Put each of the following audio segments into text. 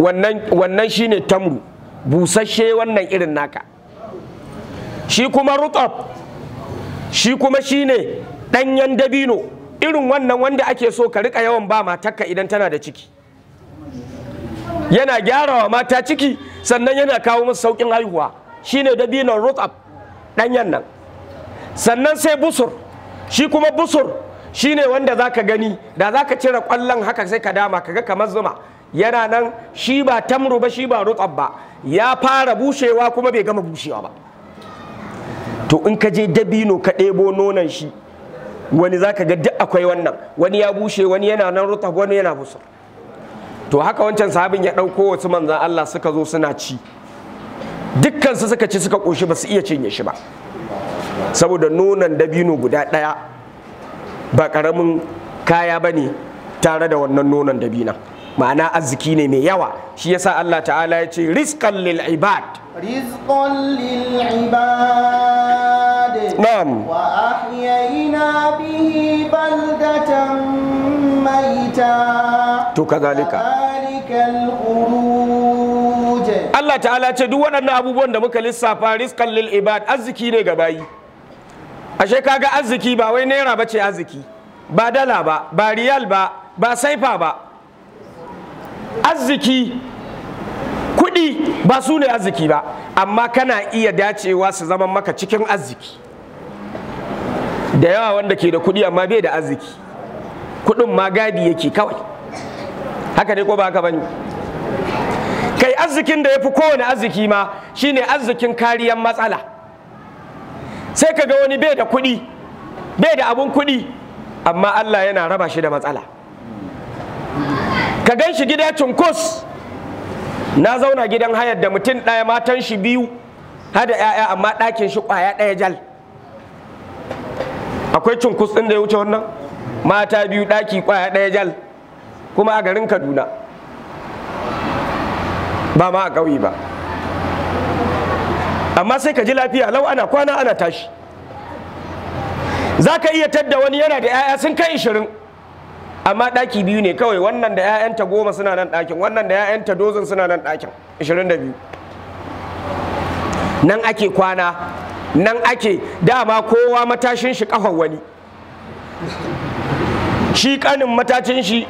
wannan shine tamru busasshe wannan irin naka shi kuma rutab shi kuma shi ne ɗanyen dabino irin wannan wanda ake so ka rika yawan ba matarka idan tana da ciki yana gyara wa mata ciki sannan yana kawo musu saukin haihuwa Shi ne dabinon rutab ɗanyen nan sannan sai busur shi kuma busur shi ne wanda za ka gani da za ka cire ƙwallon haka sai ka dama ka ga kamar zuma yana nan shi ba tamru ba shi ba rutsab ba ya fara bushewa kuma bai gama bushewa ba to in ka je dabino ka ɗebo nonon shi wani za ka ga duk akwai wannan wani ya bushe wani yana nan rutsab wani yana busa to haka wancan sahabin ya ɗauko wasu manzan Allah suka zo suna ci dukkansu suka ci suka ƙoshi ba su iya cinye shi ba saboda nonon dabino guda ɗaya ba ƙaramin kaya ba ne tare da wannan nonon dabinan ma'ana arziki ne mai yawa shi yasa Allah ta'ala ya ce rizqan lil ibad rizqan lil ibad na'am wa ahyayna bihi baldatan maita to kazalika Allah ta'ala ce duk waɗannan abubuwan da muka lissafa rizqan lil ibad arziki ne ga bayi ashe kaga arziki ba wai naira bace arziki ba dala ba ba riyal ba ba saifa ba arziki kuɗi ba su ne arziki ba amma kana iya dacewa su zama maka cikin arziki da yawa wanda ke da kuɗi amma bai da arziki kuɗin ma gadi yake kawai haka ne ko ba haka bane kai arzikin da ya fi kowane arziki ma shine arzikin kariyan matsala sai ka ga wani bai da kuɗi bai da abun kuɗi amma Allah yana raba shi da matsala ka gan shi gida cunkus na zauna gidan hayar da mutum ɗaya matan shi biyu hada 'ya'ya amma ɗakin shi ƙwaya ɗaya jal akwai cunkus ɗin da ya wuce wannan mata biyu ɗaki ƙwaya ɗaya jal kuma a garin kaduna ba ma a ƙauye ba amma sai ka ji lafiya lau ana kwana ana tashi za ka iya tadda wani yana da 'ya'ya sun kai ishirin amma ɗaki biyu ne kawai wannan da 'ya'yanta goma suna nan ɗakin wannan da 'ya'yanta dozin suna nan ɗakin 22 nan ake kwana nan ake dama kowa matashin shi kafan wani shi kanin matashin shi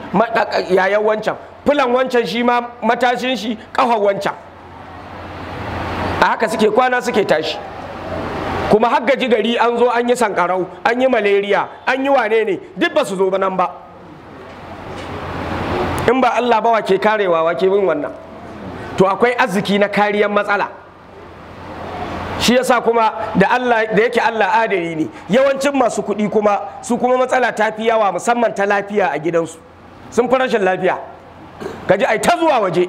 yayan wancan fulan wancan shi ma matashin shi kafan wancan a haka suke kwana suke tashi kuma har gari an zo an yi sankarau an yi malaria an yi wane ne duk ba su zo nan ba in ba Allah ba ke karewa wa wake bin wannan to akwai arziki na kariyar matsala shi yasa kuma da Allah da yake Allah adari ne yawancin masu kuɗi kuma su kuma matsala ta fi yawa musamman ta lafiya a gidansu sun fi rashin lafiya kaji ai ta zuwa waje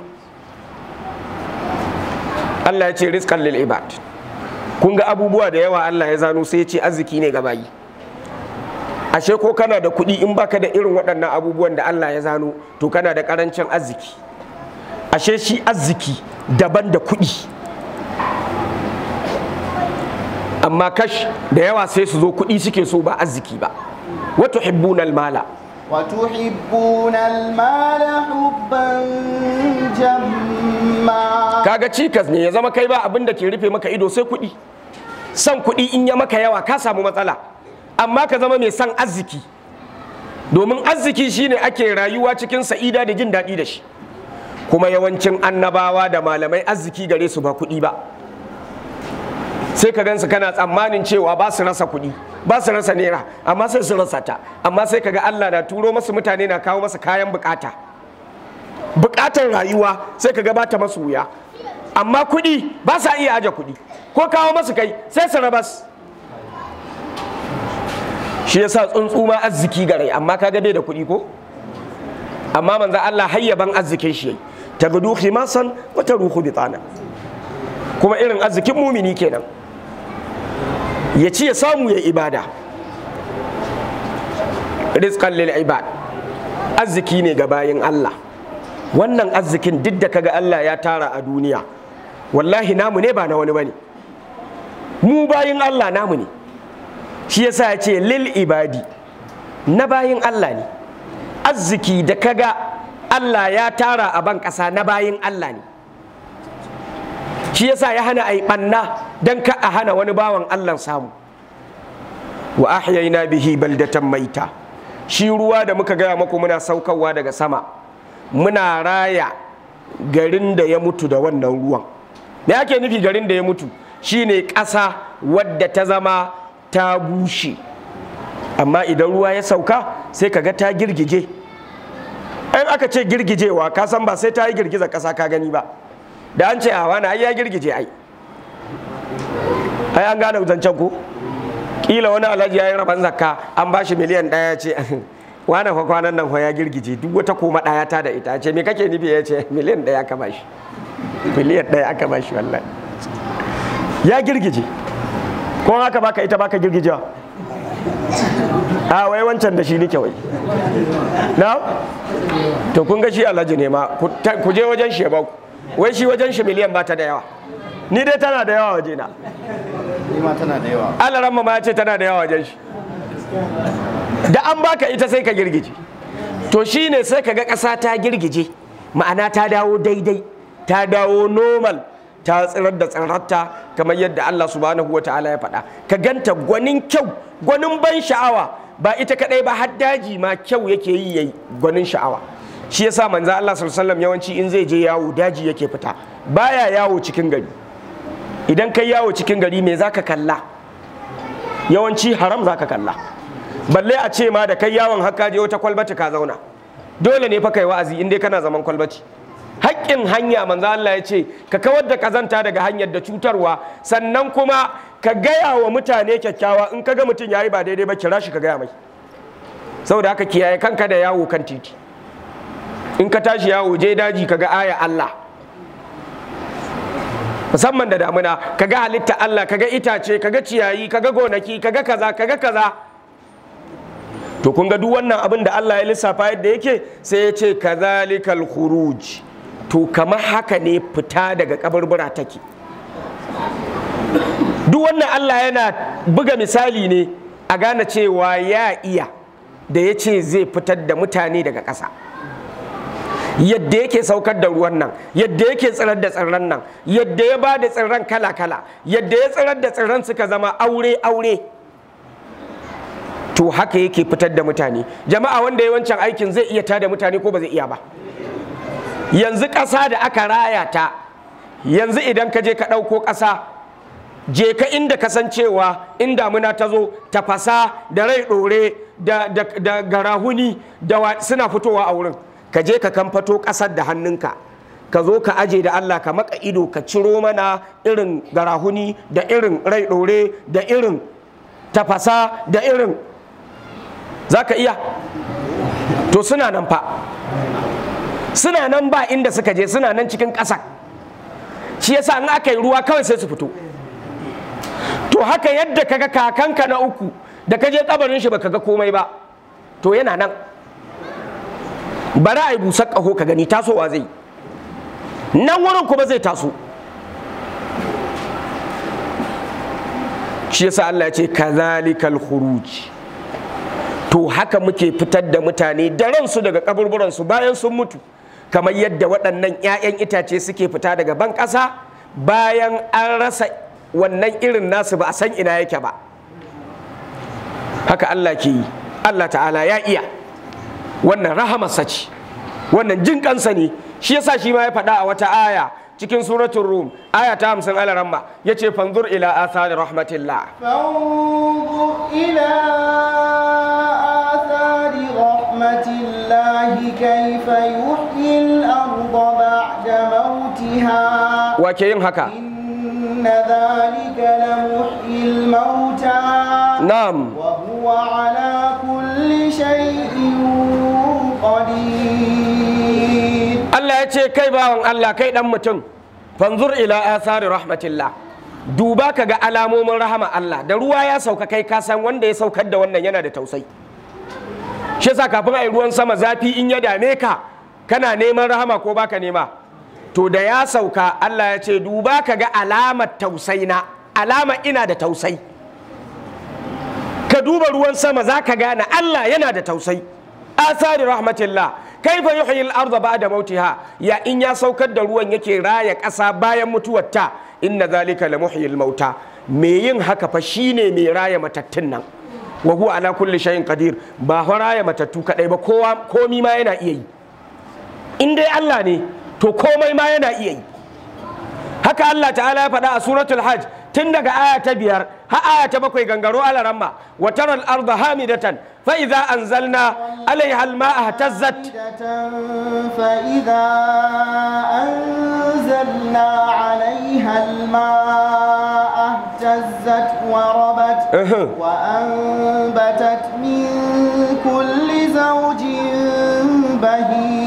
Allah ya ce rizqan lil ibad kun ga abubuwa da yawa Allah ya zano sai ya ce arziki ne ga bayi ashe ko kana da kuɗi in baka da irin waɗannan abubuwan da Allah ya zano to kana da ƙarancin arziki ashe shi arziki daban da kuɗi amma kash da yawa sai su zo kuɗi suke so ba arziki ba wato hibbunal mala hibbunal mala hubban jamma kaga cikas ne ya zama kai ba abin da ke rufe maka ido sai kuɗi san kuɗi in ya maka yawa ka samu matsala amma ka zama mai son arziki domin arziki shine ake rayuwa cikin sa'ida da jin daɗi da shi kuma yawancin annabawa da malamai arziki gare su ba kuɗi ba sai ka gansu kana tsammanin cewa ba su rasa kuɗi ba su rasa naira amma sai su rasa ta amma sai kaga Allah na turo masu mutane na kawo masu kayan bukata bukatar rayuwa sai kaga ba ta masu wuya amma kuɗi ba sa iya aje kuɗi ko kawo masu kai sai su rabas shi ya sa tsuntsu ma arziki gare amma ka gade da kuɗi ko amma manza Allah ban arzikin shi Ta gudu khimasan wa taruhu bitana kuma irin arzikin mumini kenan ya ci ya samu ya ibada rizqan lil ibad arziki ne ga bayin Allah wannan arzikin duk da kaga Allah ya tara a duniya wallahi namu ne ba na wani bane mu bayin Allah namu ne shi yasa ya ce lil ibadi na bayin Allah ne arziki da kaga Allah ya tara a ban ƙasa na bayin Allah ne shi yasa ya hana a yi ɓanna don ka a hana wani bawan Allah samu wa ahyayna bihi baldatan maita shi ruwa da muka gaya maku muna saukarwa daga sama muna raya garin da ya mutu da wannan ruwan me ake nufi garin da ya mutu shine ƙasa wadda ta zama ta bushe amma idan ruwa ya sauka sai ka ga ta girgije in aka ce girgijewa ka san ba sai ta yi girgiza ƙasa ka gani ba da an ce a ah, wani ai ya girgije ai ai an gane zancen ku. kila wani alhaji ya yi rabon zakka an ba shi miliyan ɗaya ya ce wani kwa kwanan nan ya girgije duk wata koma ɗaya ta da ita ce me kake nufi ya ce miliyan ɗaya aka ba shi miliyan ɗaya aka ba shi wallahi ya girgije ko haka baka ita baka girgijewa a wai wancan da shi nike wai na to kun ga shi alhaji ne ma ku je wajen shi ba wai shi wajen shi miliyan ba ta da yawa ni dai tana da yawa waje na Allah ramma ma ya ce tana da yawa wajen shi da an baka ita sai ka girgije to shine sai ka ga ƙasa ta girgije ma'ana ta dawo daidai ta dawo normal ta tsirar da tsirarta kamar yadda Allah subhanahu ta'ala ya faɗa ka ganta gwanin kyau gwanin ban sha'awa ba ita kaɗai ba har daji ma kyau yake yi yayi gwanin sha'awa shi yasa manzo Allah sallallahu alaihi yawanci in zai je yawo daji yake fita baya yawo cikin gari idan kai yawo cikin gari me zaka kalla yawanci haram zaka kalla balle a ce ma da kai yawon haka je wata kwalbati ka zauna dole ne fa kai wa'azi in dai kana zaman kwalbati haƙƙin hanya manzo Allah ya ce ka kawar da kazanta daga hanyar da cutarwa sannan kuma ka gaya wa mutane kyakkyawa in kaga mutum yayi ba daidai ba kira shi ka gaya mai saboda haka kiyaye kanka da yawo kan titi in ka tashi yawo je daji kaga aya Allah musamman da damuna kaga halitta Allah kaga itace kaga ciyayi kaga gonaki kaga kaza kaga kaza to kun ga duk wannan abin da Allah ya lissafa yadda yake sai ya ce kazalikal khuruj to kamar haka ne fita daga kaburbura take duk wannan Allah yana buga misali ne a gane cewa ya iya da ya ce zai fitar da mutane daga ƙasa yadda yake saukar da ruwan nan yadda yake tsirar da tsirran nan yadda ya ba da tsirran kala-kala yadda ya tsirar da tsirran suka zama aure-aure to haka yake fitar da mutane jama'a wanda yawancin aikin zai iya tada mutane ko ba zai iya ba yanzu ƙasa da aka raya ta yanzu idan ka je ka ɗauko ƙasa je ka inda kasancewa in damuna ta zo tafasa da rai ɗore da, garahuni suna fitowa a wurin ka je ka kamfato ƙasar da hannunka ka zo ka aje da Allah ka maka ido ka ciro mana irin garahuni da irin rai ɗore da irin tafasa da irin za ka iya to suna nan fa suna nan ba inda suka je suna nan cikin ƙasa shi yasa in aka yi ruwa kawai sai su fito to haka yadda kaga kakanka na uku da kaje je kabarin shi baka ga komai ba to yana nan bari a yi busar ƙaho ka gani tasowa zai nan wurin kuma zai taso shi yasa Allah ya ce kazalikal khuruj to haka muke fitar da mutane da ransu daga kaburburansu bayan sun mutu kamar yadda waɗannan 'ya'yan itace suke fita daga ban ƙasa bayan an rasa wannan irin nasu ba a san ina yake ba haka Allah ke yi Allah ta'ala ya iya wannan rahamarsa ce wannan jin kansa ne shi yasa shi ma ya faɗa a wata aya cikin suratul rum aya ta hamsin alaramma ya ce fanzur ila asari rahmatillah fanzur ila asari rahmatillahi kaifa فيها وكين هكا إن ذلك لمحيي الموتى نعم وهو على كل شيء قدير الله يتي كي باون الله كي فانظر إلى آثار رحمة الله duba ka ga alamomin rahama Allah da ruwa ya sauka kai ka san wanda ya saukar da wannan yana da tausayi shi yasa kafin a ruwan sama zafi in ya dame ka kana neman rahama ko baka nema to da ya sauka Allah ya ce duba ka ga alamar tausai na alama ina da tausai ka duba ruwan sama za ka gane Allah yana da tausai asari rahmatillah kaifa yuhyi al-ardha ba'da mautiha ya in ya saukar da ruwan yake raya ƙasa bayan mutuwar ta inna zalika la muhyil al-mauta me yin haka fa shine mai raya matattun nan wa huwa ala kulli shay'in qadir ba fa raya matattu kadai ba kowa komi ma yana iya yi in dai Allah ne to komai ma yana iya yi haka Allah ta'ala ya faɗa a suratul hajj tun daga aya ta biyar har aya ta bakwai gangaro alaramma wa tara al hamidatan fa idza anzalna alaiha al-ma'a ihtazzat fa idza anzalna alaiha al-ma'a wa rabat wa anbatat min kulli zaujin bahij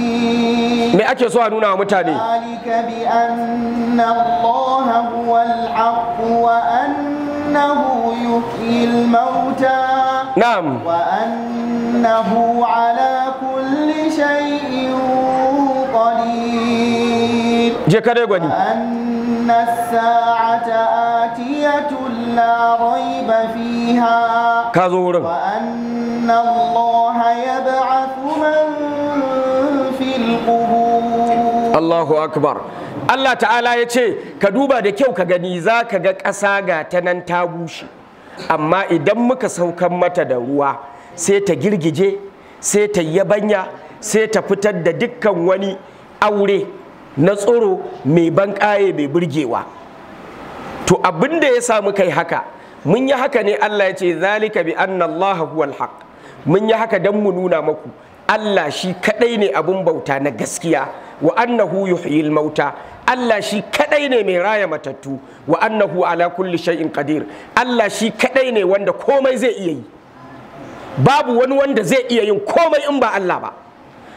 ake so a nuna wa mutane zalika bi wa annahu yuhyi al-mauta na'am ala kulli shay'in qadir je kare gwani أن الساعة آتية لا ريب فيها Allahu akbar Allah ta'ala ya ce ka duba da kyau ka gani za ka ga ƙasa ga ta nan ta bushe amma idan muka saukan mata da ruwa sai ta girgije sai ta yabanya sai ta fitar da dukkan wani aure na tsoro mai banƙaye mai burgewa to abin da ya sa muka yi haka mun yi haka ne Allah ya ce zalika bi anna huwal haq mun yi haka dan mu nuna maku Allah shi kadai ne abun bauta na gaskiya wa annahu yuhyil mauta Allah shi kadai ne mai raya matattu wa annahu ala kulli shay'in qadir Allah shi kadai ne wanda komai zai iya yi babu wani wanda zai iya yin komai in ba Allah ba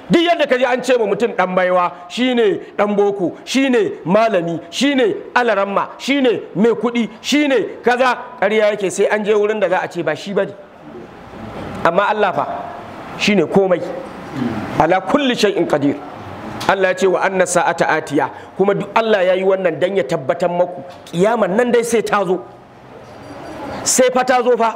duk yadda ka je an ce wa mutum dan baiwa shine dan boko shine malami shine alaramma shine mai kuɗi shine kaza ƙarya yake sai an je wurin da za a ce ba shi bane amma Allah fa shine komai ala kulli shay'in qadir Allah ya ce wa anna sa'ata atiya kuma duk Allah ya yi wannan dan ya tabbatar maku kiyaman nan dai sai ta zo sai fa ta zo fa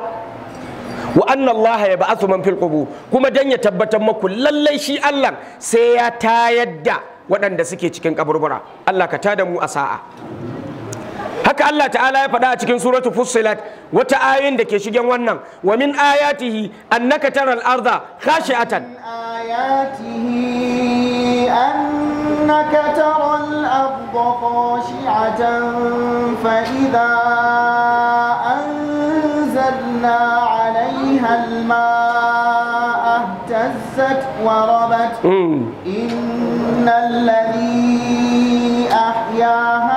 wa anna Allah ya ba'athu man fil qubur kuma dan ya tabbatar maku lallai shi Allah sai ya tayar da waɗanda suke cikin kaburbura Allah ka tada mu a sa'a haka Allah ta'ala ya faɗa a cikin suratu fussilat wata ayoyin da ke shigen wannan wa min ayatihi annaka taral arda khashi'atan ayatihi annaka taral arda khashi'atan fa idza anzalna 'alayha al-ma'a ihtazzat wa rabat hmm. innal ladhi ahyaha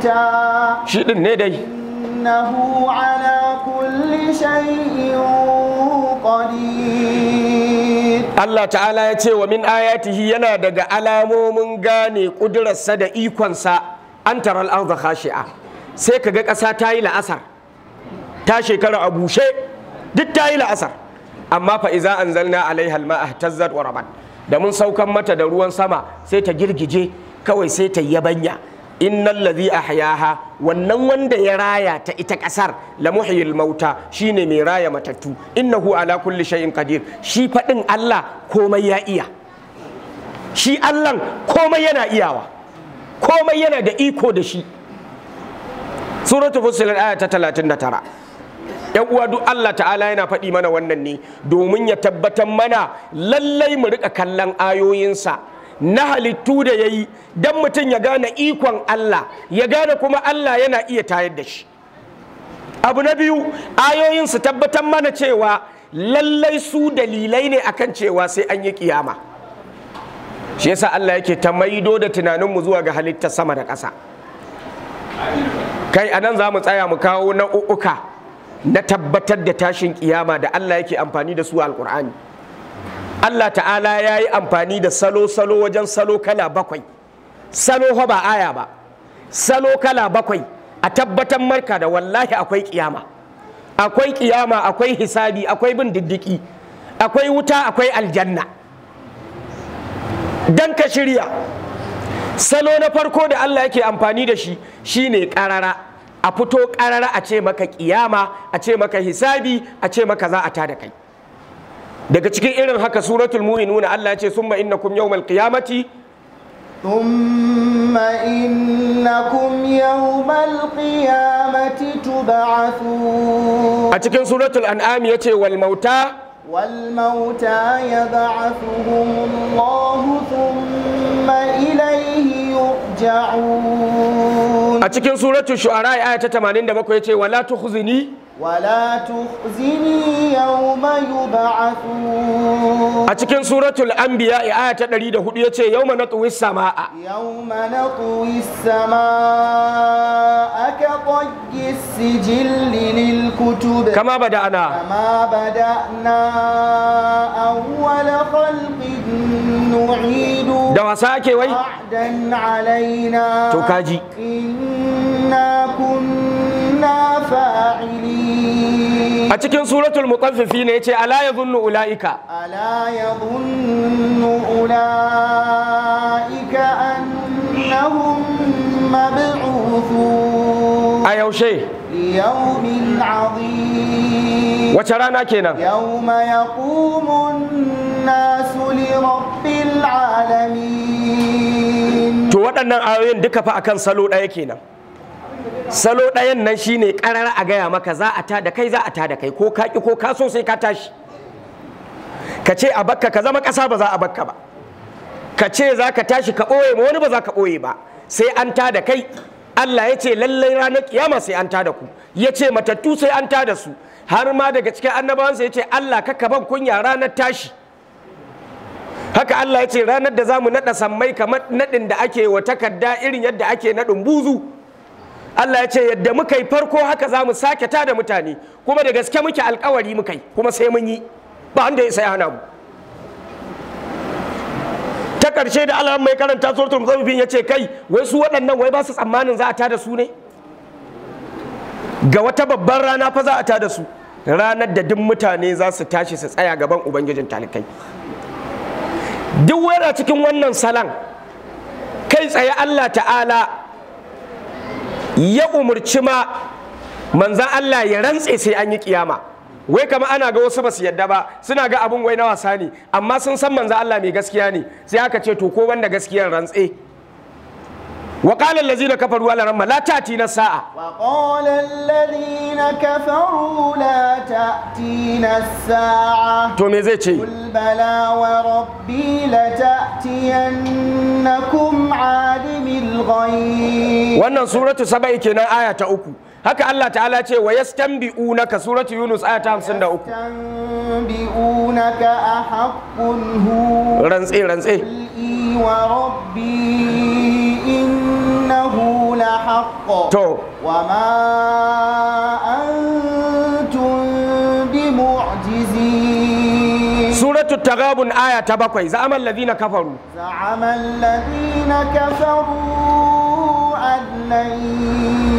mauta shi din ne dai innahu ala kulli Allah ta'ala ya ce wa min ayatihi yana daga alamomin gane kudurarsa da ikonsa an taral arda khashi'a sai kaga ƙasa ta yi la'asar ta shekara a bushe duk ta yi la'asar amma fa iza anzalna alaiha alma'a tazzad wa rabat da mun saukan mata da ruwan sama sai ta girgije kawai sai ta yabanya innal ladhi ahyaha wannan wanda ya raya ta ita kasar la muhyil mauta shine mai raya matattu innahu ala kulli shay'in qadir shi fadin Allah komai ya iya shi Allah komai yana iyawa komai yana da iko da shi suratul fussilat aya ta 39 yan uwa duk Allah ta'ala yana faɗi mana wannan ne domin ya tabbatar mana lallai mu rika kallon ayoyinsa na halittu da ya yi don mutum ya gane ikon Allah ya gane kuma Allah yana iya tayar da shi abu na biyu ayoyin su tabbatar mana cewa lallai su dalilai ne akan cewa sai an yi kiyama shi yasa Allah yake ta maido da tunaninmu zuwa ga halittar sama da ƙasa kai anan za mu tsaya mu kawo na'u'uka na tabbatar da tashin kiyama da Allah yake amfani da su alkur'ani Allah ta'ala ya yi amfani da salo-salo wajen salo kala bakwai salo ba aya ba salo kala bakwai a tabbatar marka da wallahi akwai kiyama akwai kiyama akwai hisabi akwai bin diddiki akwai wuta akwai aljanna dan ka shirya salo na farko da Allah yake amfani da shi shine karara a fito karara a ce maka kiyama a ce maka hisabi a ce maka za a tada kai daga cikin irin haka suratul mu'minuna Allah ya ce summa innakum yawmal qiyamati thumma innakum yawmal qiyamati tub'athun a cikin suratul an'am ya ce wal mauta wal mauta yab'athuhum Allah thumma ilayhi yurja'un a cikin suratul shu'ara ayata 87 ya ce wala tukhzini ولا تخزني يوم يبعثون a cikin suratul anbiya aya ta 104 yace yawma natwi samaa yawma natwi samaa ka qayyi sijil lil kutub kama bada'na kama bada'na awwal khalqin nu'idu da wasake wai dan alaina to kaji inna kunna fa'il a cikin suratul mutaffifi ne yace ala yadhunnu ulaika ala yadhunnu ulaika annahum mab'uthun a yaushe yawmin azim wace rana kenan yawma yaqumun nasu li rabbil alamin to waɗannan ayoyin duka fa akan salo ɗaya kenan salo ɗayan nan shine ƙarar a gaya maka za a ta da kai za a ta da kai ko ka ko ka so sai ka tashi ka ce a bakka ka zama ƙasa ba za a bakka ba ka ce za ka tashi ka ɓoye ma wani ba za ka ɓoye ba sai an ta da kai Allah ya ce lallai ranar kiyama sai an tada ku ya ce matattu sai an tada su har ma daga cikin annabawansa ya ce Allah kaka ban kunya ranar tashi haka Allah ya ce ranar da za mu naɗa sammai kamar naɗin da ake wa takarda irin yadda ake naɗin buzu Allah ya ce yadda muka yi farko haka za mu sake ta da mutane kuma da gaske muke alkawari muka yi kuma sai mun yi ba wanda ya hana mu ta karshe da Allah mai karanta suratul muzammil ya ce kai wai su waɗannan wai ba su tsammanin za a ta da su ne ga wata babban rana fa za a ta da su ranar da duk mutane za su tashi su tsaya gaban ubangijin talikai duk wera cikin wannan salan kai tsaye Allah ta'ala ya umurci ma manzan Allah ya rantse sai an yi kiyama wai kama ana ga wasu ba su yadda ba suna ga abin wai na wasa ne amma sun san manzan Allah mai gaskiya ne sai aka ce to ko wanda gaskiyar rantse وقال الذين كفروا على رمى لا تأتينا الساعة وقال الذين كفروا لا تأتينا الساعة قل بلى وربي لتأتينكم عالم الغيب وانا سورة سبعي كنا آية أكو haka Allah ta'ala ce wa yastanbi'unaka suratu yunus aya ta 53 yastanbi'unaka ahaqqun hu rantse rantse wa rabbi in إنه لحق وما أنتم بمعجزين سورة التغاب آية تبقي زعم الذين كفروا زعم الذين كفروا أن لن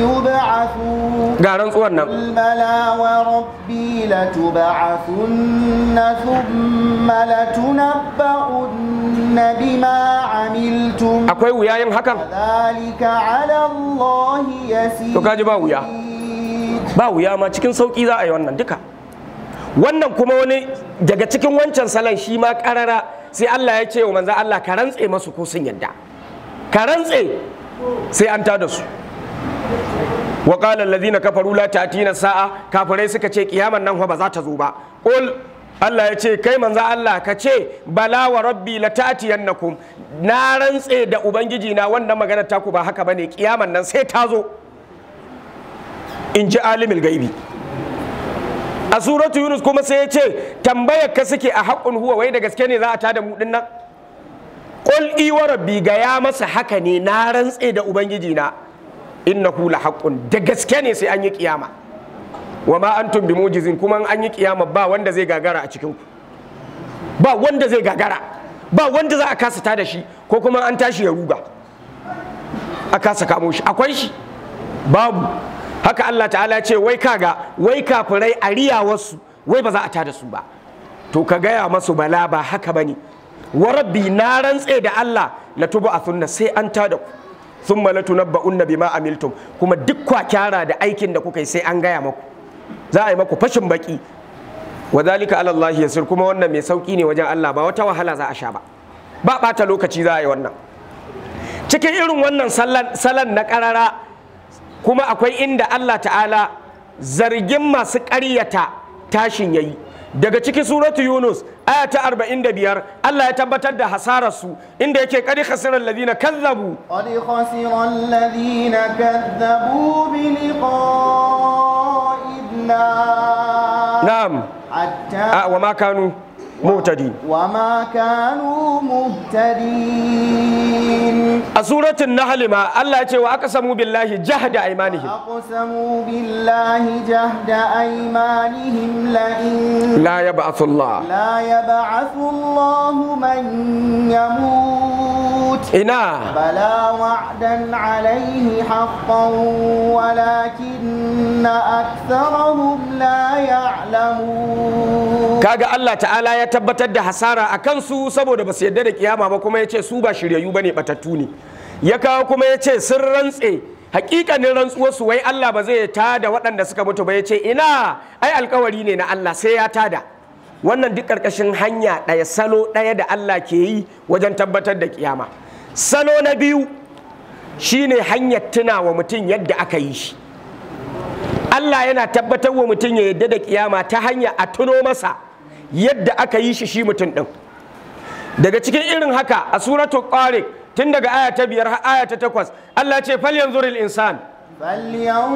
يبعث ga rantsuwar nan akwai wuya yin hakan to kaji ba wuya ba wuya ma cikin sauki za a yi wannan duka wannan kuma wani daga cikin wancan salon shi ma karara sai Allah ya ce wa manzan Allah ka rantse masu ko sun yadda ka rantse sai an ta da su wa qala alladhina kafaru la ta'tina sa'a kafirai suka ce kiyaman nan fa ba za ta zo ba qul Allah ya ce kai manza Allah ka ce bala wa rabbi la ta'tiyannakum na rantse da ubangiji na wanda magana taku ba haka bane kiyaman nan sai ta zo in ji alimul gaibi a suratu yunus kuma sai ya ce tambayar ka suke a haƙun huwa wai da gaske ne za a da mu dinnan qul i rabbi ga ya masa haka ne na rantse da ubangiji na innahu hula haqqun da gaske ne sai an yi kiyama wa ma antum bi mujizin kuma an yi kiyama ba wanda zai gagara a cikin ku ba wanda zai gagara ba wanda za a kasa ta da shi ko kuma an tashi ya ruga a kasa kamo shi akwai shi babu haka Allah ta'ala ce wai kaga wai kafirai a riya wasu, wai ba za a ta da su ba to ka gaya masu bala ba haka bane wa rabbi na rantse da Allah la tubu a sunna sai an ta da ku sun malatu na ba'un na bima amiltum kuma duk kwa kyara da aikin da kuka yi sai an gaya maku za a yi maku fashin baki wa zalika ala Allah yasir kuma wannan mai sauki ne wajen Allah ba wata wahala za a sha ba ba bata lokaci za a yi wannan cikin irin wannan salan na karara kuma akwai inda Allah ta'ala zargin masu ƙaryata tashin yayi daga cikin suratu yunus aya ta biyar, Allah ya tabbatar da hasarar su inda yake kadi khasira Ladina kazzabu qad khasira ladina kazzabu bi liqa'idna na'am hatta wa ma kanu muhtadi wa ma kanu muhtadin a suratul nahl ma Allah ya ce wa aqsamu billahi jahda aymanihim aqsamu billahi jahda aymanihim la in la yab'athu Allah la yab'athu Allah man yamut ina bala wa'dan alayhi haqqan walakinna aktharahum la ya'lamun kaga Allah ta'ala ya tabbatar da hasara a kansu saboda ba su yarda da kiyama ba kuma ya ce su ba shiryayyu ba ne batattu ne ya kawo kuma ya ce sun rantse hakikanin rantsuwarsu wai Allah ba zai da waɗanda suka mutu ba ya ce ina ai alkawari ne na Allah sai ya tada wannan duk ƙarƙashin hanya ɗaya salo ɗaya da Allah ke yi wajen tabbatar da kiyama salo na biyu shine hanyar tuna wa mutum yadda aka yi shi Allah yana tabbatar wa mutum ya yadda da kiyama ta hanya a tuno masa yadda aka yi shi shi mutum ɗin daga cikin irin haka a suratu ƙwarik tun daga aya ta biyar har aya ta takwas Allah ce falyan zuril insan falyan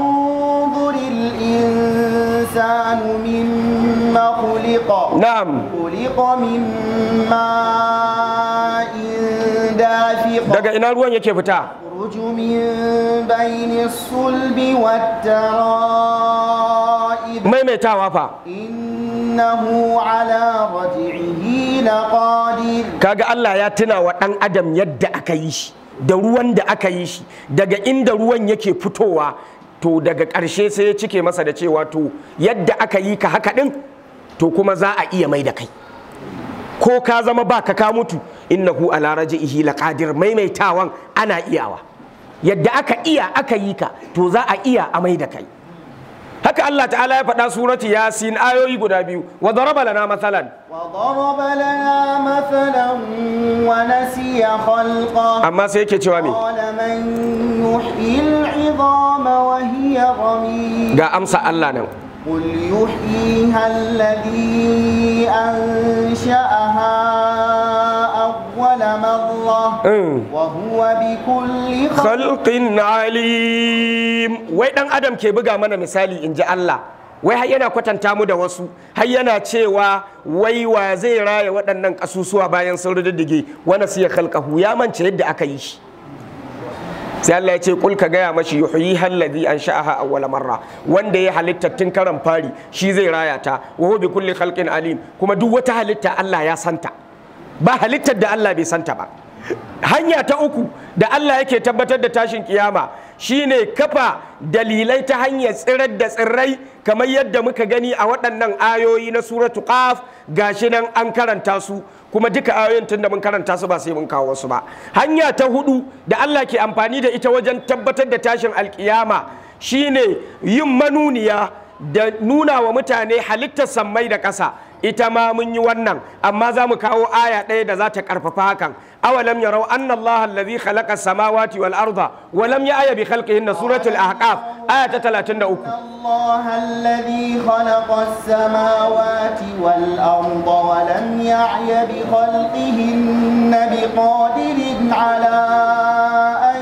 zuril insan min makuliko na'am kuliko min ma dafiko daga ina ruwan yake fita ruju min bayni sulbi wa tara'ib maimaitawa fa innahu ala raj'ihi laqadir kaga Allah ya tuna wa dan adam yadda aka yi shi da ruwan da aka yi shi daga inda ruwan yake fitowa to daga ƙarshe sai ya cike masa da cewa to yadda aka yi ka haka din to kuma za a iya mai da kai ko ka zama ba ka ka mutu innahu ala raj'ihi laqadir maimaitawan ana iyawa yadda aka iya aka yi ka to za a iya a mai da kai haka Allah ta'ala ya faɗa surati yasin ayoyi guda biyu wa daraba lana masalan wa daraba lana masalan wa nasiya khalqa amma sai yake cewa me qala man yuhyil 'idama wa hiya ramim ga amsa Allah nan قل يحييها الذي أنشأها مرة وهو wai adam ke buga mana misali in ji Allah wai har yana kwatanta mu da wasu har yana cewa wai wa zai raya waɗannan ƙasusuwa bayan sun riddige wani siya kalkahu. ya mance yadda aka yi shi sai Allah ya ce kul ka gaya mashi yuhyi halladhi ansha'aha awwal marra wanda ya halitta tun karan fari shi zai raya ta wa bi kulli khalqin alim kuma duk wata halitta Allah ya santa ba halittar da Allah bai santa ba hanya ta uku da Allah yake tabbatar da tashin kiyama shine kafa dalilai ta hanyar tsirar da tsirrai kamar yadda muka gani a waɗannan ayoyi na suratu ga shi nan an karanta su kuma duka ayoyin tun da mun karanta su ba sai mun kawo su ba hanya ta hudu da Allah ke amfani da ita wajen tabbatar da tashin alkiyama shine yin manuniya da nuna wa mutane halittar sammai da ƙasa ita ma mun yi wannan amma za mu kawo aya ɗaya da za ta ƙarfafa hakan awalam yarau anna Allah allazi khalaqa samawati wal arda wa lam ya'ya bi khalqihinna suratul ahqaf aya ta 33 Allah allazi khalaqa samawati wal arda wa lam ya'ya bi khalqihinna biqadirin ala an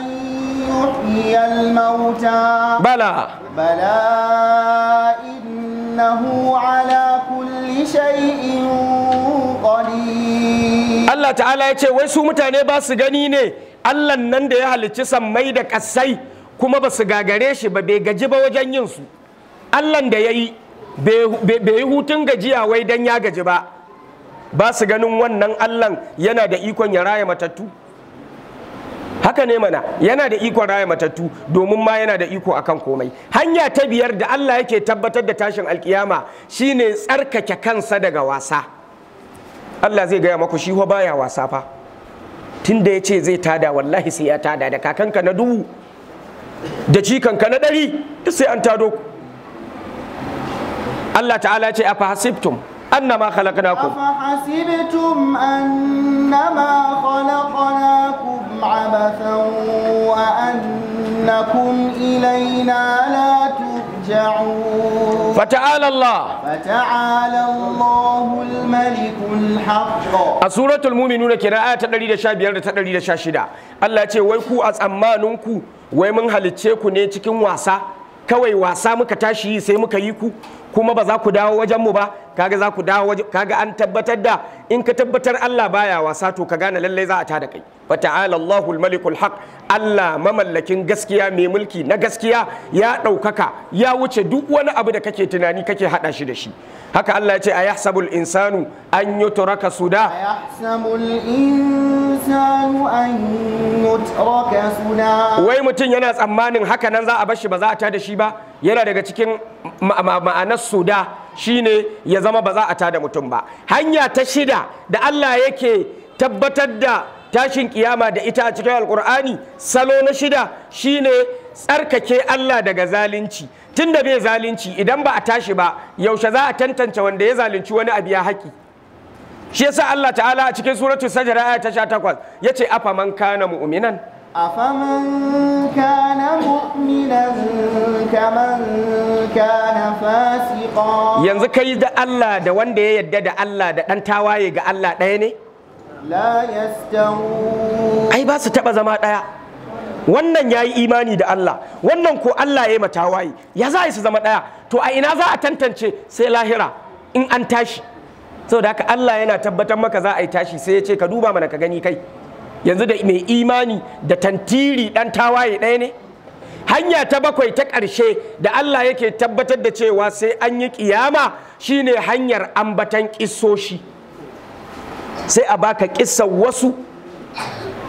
yuhyiya al mauta bala bala innahu ala Allah ta'ala ya ce wai su mutane ba su gani ne Allah nan da ya halicci sammai da kasai kuma ba su gagare shi ba bai gaji ba wajen yin su Allah da ya yi bai yi hutun gajiya wai don ya gaji ba ba su ganin wannan Allah yana da ikon ya raya matattu haka ne mana yana da ikon raya matattu domin ma yana da iko akan komai hanya ta biyar da Allah yake tabbatar da tashin alkiyama shine tsarkake kansa daga wasa Allah zai gaya maku shi ho baya wasa fa tunda ya ce zai tada wallahi sai ya tada da kakanka na dubu da cikanka na ɗari sai an tado Allah ta'ala ce a hasibtum annama khalaqnakum afahasibtum annama khalaqnakum abathan wa annakum ilayna la ترجعون فتعالى الله فتعالى الله الملك الحق سورة المؤمنون كنا آية تدري دشا بيار تدري دشا شدا الله يتي ويكو أزمانكو ويمن هالتيكو نيتكو واسا kawai wasa muka tashi sai muka yi ku kuma ba za ku dawo wajen mu ba kaga za ku dawo wajen kaga an tabbatar da in ka tabbatar Allah baya wasa to ka gane lalle za a tada kai fa ta'ala malikul haq Allah mamallakin gaskiya mai mulki na gaskiya ya ɗaukaka ya wuce duk wani abu da kake tunani kake haɗa shi da shi haka Allah ya ce ayahsabul insanu an yutraka suda ayahsabul insanu an yutraka suda wai mutum yana tsammanin haka nan za a bar shi ba za a tada shi ba yana daga cikin ma'anar suda shine ya zama ba za a tada mutum ba hanya ta shida da Allah yake tabbatar da tashin kiyama da ita a cikin alkur'ani salo na shida shine tsarkake Allah daga zalunci tunda bai zalunci idan ba a tashi ba yaushe za a tantance wanda ya zalunci wani abu ya haƙi shi yasa Allah ta'ala a cikin suratul sajdah aya ta 18 yace afaman kana mu'minan أفمن كان مؤمنا كمن كان فاسقا ينزل كيد الله ده وان ده يدد الله ده أنت واي الله ده يعني لا أي بس تبقى زمان ده wannan ya yi imani da Allah wannan ko Allah ya yi matawayi ya za su zama ɗaya to a ina za a tantance sai lahira in an tashi saboda haka Allah yana tabbatar maka za a yi tashi sai ya ce ka duba mana ka gani kai yanzu da mai imani da tantiri dan tawaye ɗaya ne hanya ta bakwai ta ƙarshe da Allah yake tabbatar da cewa sai an yi ƙiyama shine hanyar ambatan ƙisoshi sai a baka ƙisar wasu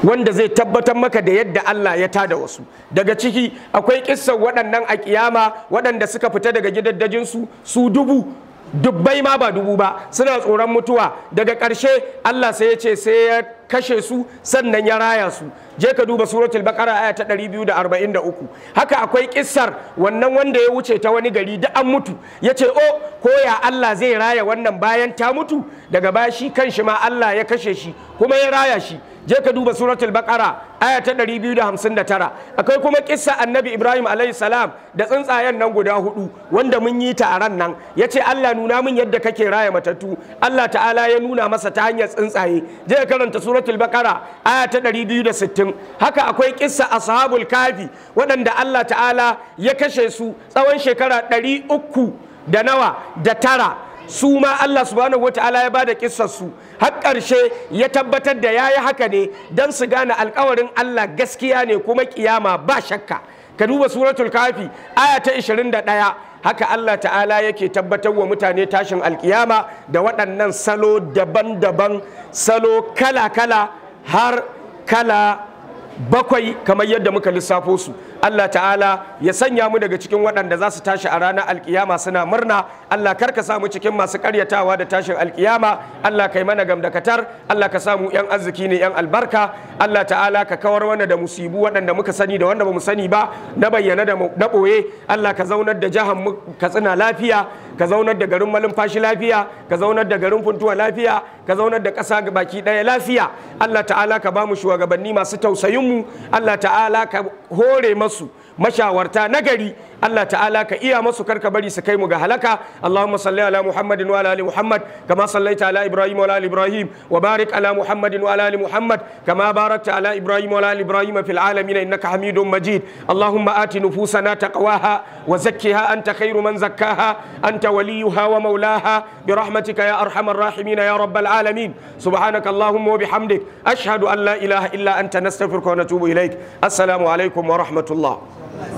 wanda zai tabbatar maka da yadda Allah ya tada wasu daga ciki akwai ƙisar waɗannan a ƙiyama waɗanda suka fita daga gidaddajinsu su dubu dubbai ma ba dubu ba suna tsoron mutuwa daga ƙarshe Allah sai ya ce sai ya kashe su sannan ya raya su je ka duba suratul baqara aya ta 243 haka akwai kissar wannan wanda ya wuce ta wani gari da an mutu ya ce o oh, ko ya Allah zai raya wannan bayan ta mutu daga baya shi kanshi ma Allah ya kashe shi kuma ya raya shi je ka duba suratul baqara aya ta 259 akwai kuma kissa annabi ibrahim alayhi salam da tsuntsayen nan guda hudu wanda mun yi ta a ran nan yace Allah nuna min yadda kake raya matattu Allah ta'ala ya nuna masa ta hanyar tsuntsaye je ka karanta suratul baqara aya ta 260 haka akwai kissa ashabul kafi waɗanda Allah ta'ala ya kashe su tsawon shekara 300 da nawa da tara su ma Allah subhanahu wata'ala ya bada kissar su har ƙarshe ya tabbatar da yayi haka ne dan su gane alƙawarin Allah gaskiya ne kuma kiyama ba shakka ka duba suratul kafi aya ta 21 haka Allah ta'ala yake tabbatar wa mutane tashin alkiyama da waɗannan salo daban-daban salo kala-kala har kala bakwai kamar yadda muka lissafo su Allah ta'ala ya sanya mu daga cikin waɗanda za su tashi a ranar alkiyama suna murna Allah kar ka samu cikin masu karyatawa da tashin alkiyama Allah kai mana gamdakatar Allah ka samu yan arziki ne yan albarka Allah ta'ala ka kawar wani da musibu waɗanda muka sani da wanda ba mu sani ba na bayyana da na ɓoye Allah ka zaunar da jihar mu ka tsina lafiya ka zaunar da garin malumfashi lafiya ka zaunar da garin funtuwa lafiya ka zaunar da ƙasa baki ɗaya lafiya Allah ta'ala ka bamu shugabanni masu tausayin mu Allah ta'ala ka hore masu mashawarta nagari Allah ta'ala ka iya masu karka bari su kai mu ga halaka Allahumma salli ala Muhammadin wa ali Muhammad kama sallaita ala Ibrahim wa ali Ibrahim wa barik ala Muhammadin wa ala ali Muhammad kama barakta ala Ibrahim wa ala ali Ibrahim fil alamin innaka Hamidum Majid Allahumma ati nufusana taqwaha wa zakkiha anta khairu man zakkaha anta waliyuha wa maulaha برحمتك يا أرحم الراحمين يا رب العالمين سبحانك اللهم وبحمدك أشهد أن لا إله إلا أنت نستغفرك ونتوب إليك السلام عليكم ورحمة الله